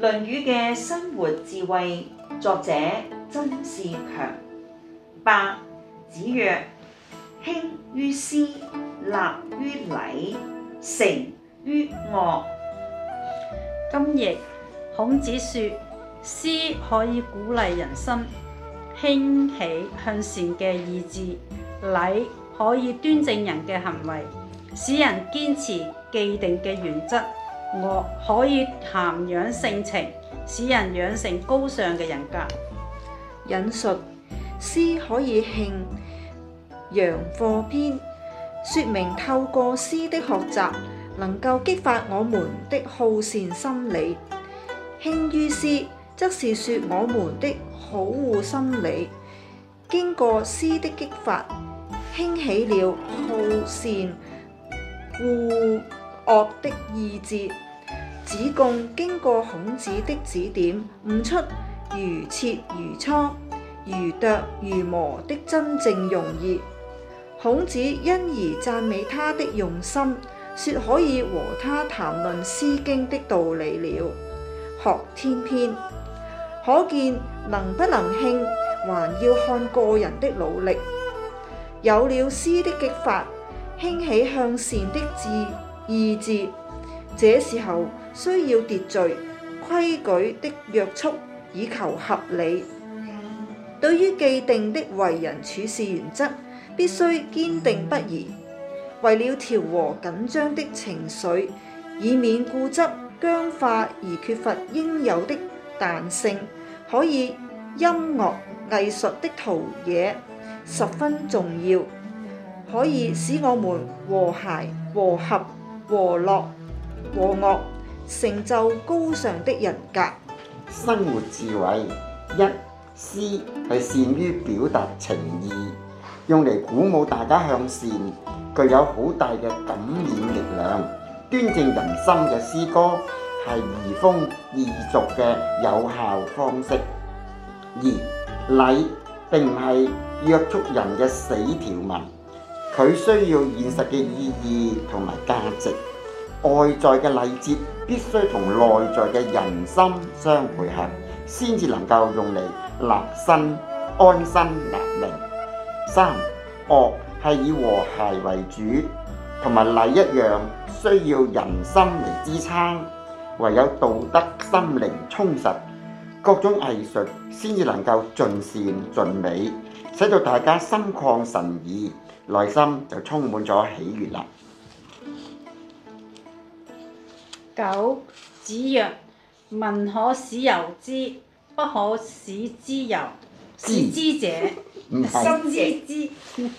《論語》嘅生活智慧，作者曾仕強。八子曰：興於詩，立於禮，成於樂。今譯孔子説：詩可以鼓勵人心，興起向善嘅意志；禮可以端正人嘅行為，使人堅持既定嘅原則。我可以涵養性情，使人養成高尚嘅人格。引述《詩可以興》《陽貨篇》，說明透過詩的學習，能夠激發我們的好善心理。興於詩，則是說我們的好惡心理，經過詩的激發，興起了好善惡惡的意志，子貢經過孔子的指點，悟出如切如磋，如琢如磨的真正用意。孔子因而讚美他的用心，說可以和他談論《詩經》的道理了。學《天篇》，可見能不能興，還要看個人的努力。有了詩的激發，興起向善的志。意志，這時候需要秩序、規矩的約束，以求合理。對於既定的為人處事原則，必須堅定不移。為了調和緊張的情緒，以免固執僵化而缺乏應有的彈性，可以音樂、藝術的陶冶十分重要，可以使我們和諧和合。和樂和樂，成就高尚的人格。生活智慧一、詩係善於表達情意，用嚟鼓舞大家向善，具有好大嘅感染力量。端正人心嘅詩歌係移風易俗嘅有效方式。二、禮並唔係約束人嘅死條文。佢需要現實嘅意義同埋價值，外在嘅禮節必須同內在嘅人心相配合，先至能夠用嚟立身安身立命。三惡係以和諧為主，同埋禮一樣，需要人心嚟支撐。唯有道德心靈充實，各種藝術先至能夠盡善盡美，使到大家心曠神怡。內心就充滿咗喜悅啦。九子曰：民可使由之，不可使之由。」使之者，心知之，之。嗯，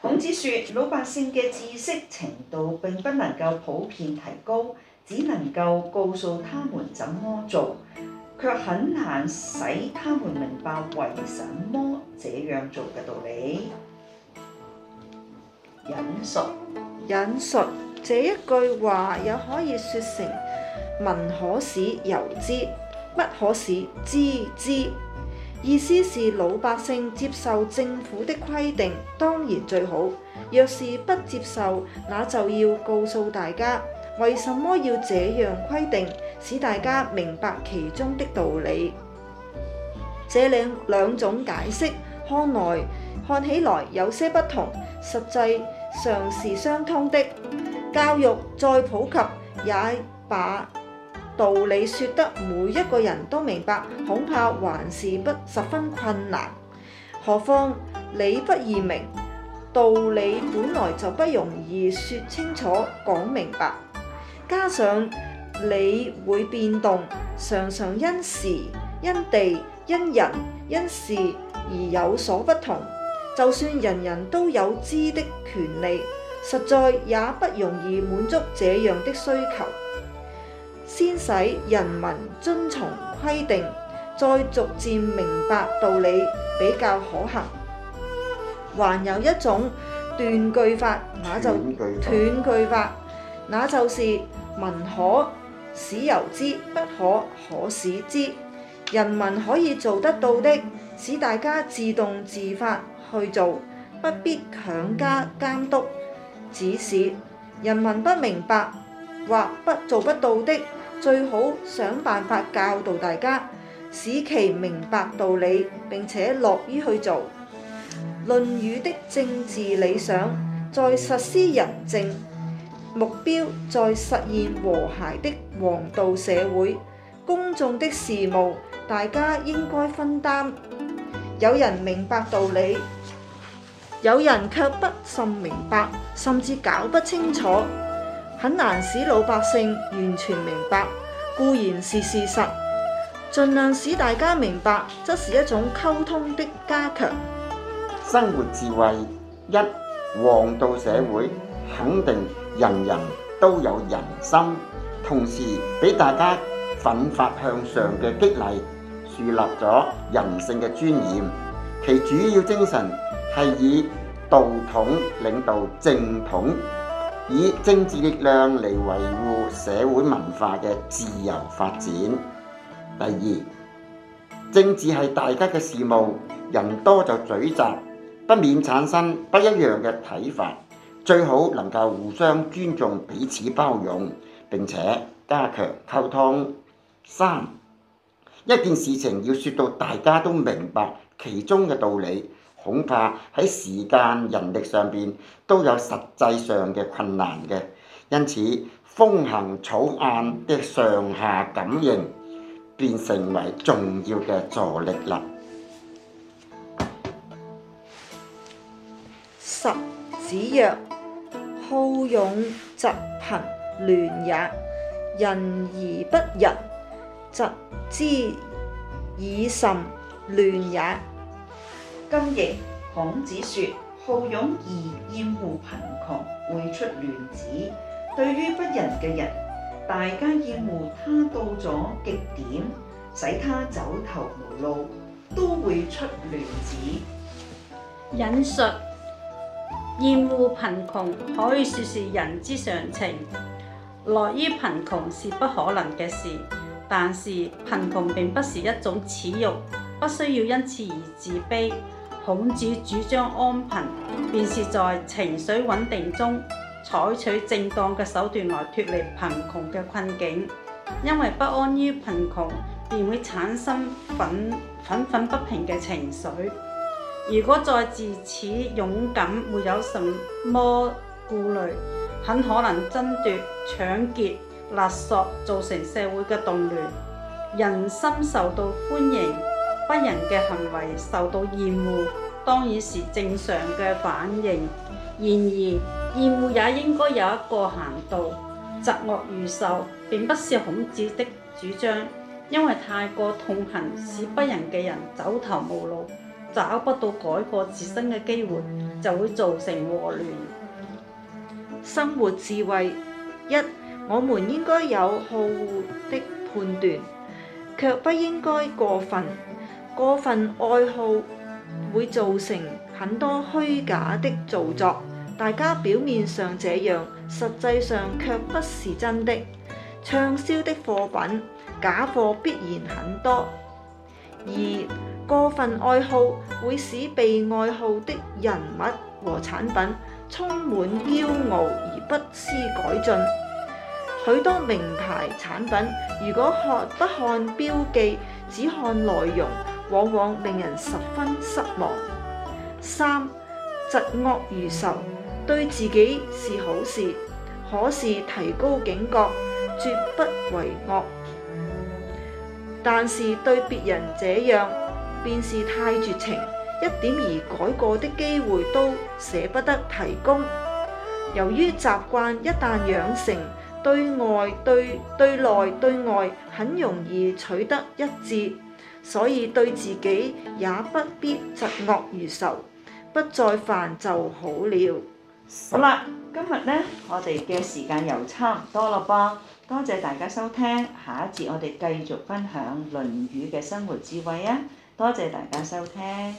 孔子說：老百姓嘅知識程度並不能夠普遍提高，只能夠告訴他們怎麼做，卻很難使他們明白為什麼這樣做嘅道理。引述，引述這一句話，也可以說成民可使由之，不可使知之。意思是老百姓接受政府的規定，當然最好；若是不接受，那就要告訴大家為什麼要這樣規定，使大家明白其中的道理。這兩兩種解釋，看來看起來有些不同，實際。常是相通的，教育再普及，也把道理說得每一個人都明白，恐怕還是不十分困難。何況理不易明，道理本來就不容易說清楚、講明白，加上理會變動，常常因時、因地、因人、因事而有所不同。就算人人都有知的權利，實在也不容易滿足這樣的需求。先使人民遵從規定，再逐漸明白道理，比較可行。還有一種斷句法，那就斷句法，那就是民可使由之，不可可使之。人民可以做得到的，使大家自動自發。去做，不必強加監督指示。人民不明白或不做不到的，最好想辦法教導大家，使其明白道理並且樂於去做。《論語》的政治理想，在實施仁政；目標在實現和諧的黃道社會。公眾的事務，大家應該分擔。有人明白道理。有人卻不甚明白，甚至搞不清楚，很難使老百姓完全明白。固然是事實，盡量使大家明白，則是一種溝通的加強。生活智慧一，王道社會肯定人人都有人心，同時俾大家奮發向上嘅激勵，樹立咗人性嘅尊嚴。其主要精神係以道統領導正統，以政治力量嚟維護社會文化嘅自由發展。第二，政治係大家嘅事務，人多就嘴雜，不免產生不一樣嘅睇法，最好能夠互相尊重、彼此包容並且加強溝通。三，一件事情要說到大家都明白。其中嘅道理，恐怕喺時間人力上邊都有實際上嘅困難嘅，因此風行草偃嘅上下感應，便成為重要嘅助力啦。十子曰：好勇疾貧亂也，人而不仁疾之已甚。亂也。今譯孔子說：好勇而厭惡貧窮，會出亂子。對於不仁嘅人，大家厭惡他到咗極點，使他走投無路，都會出亂子。引述：厭惡貧窮可以說是人之常情，樂於貧窮是不可能嘅事，但是貧窮並不是一種恥辱。不需要因此而自卑。孔子主張安貧，便是在情緒穩定中採取正當嘅手段來脫離貧窮嘅困境。因為不安於貧窮，便會產生憤憤憤不平嘅情緒，如果再自此勇敢，沒有什麼顧慮，很可能爭奪搶劫勒、勒索，造成社會嘅動亂，人心受到歡迎。不仁嘅行為受到厭惡，當然是正常嘅反應。然而厭惡也應該有一個限度，疾惡如仇並不是孔子的主張，因為太過痛恨，使不仁嘅人走投無路，找不到改過自身嘅機會，就會造成禍亂。生活智慧一，我們應該有好惡的判斷，卻不應該過分。過份愛好會造成很多虛假的造作，大家表面上這樣，實際上卻不是真的。暢銷的貨品，假貨必然很多。而過份愛好會使被愛好的人物和產品充滿驕傲而不思改進。許多名牌產品，如果看不看標記，只看內容。往往令人十分失望。三，疾惡如仇，對自己是好事，可是提高警覺，絕不為惡。但是對別人這樣，便是太絕情，一點而改過的機會都捨不得提供。由於習慣一旦養成，對外對對內對外，很容易取得一致。所以對自己也不必嫉惡如仇，不再犯就好了。好啦，今日呢，我哋嘅時間又差唔多啦噃，多謝大家收聽，下一節我哋繼續分享《論語》嘅生活智慧啊！多謝大家收聽。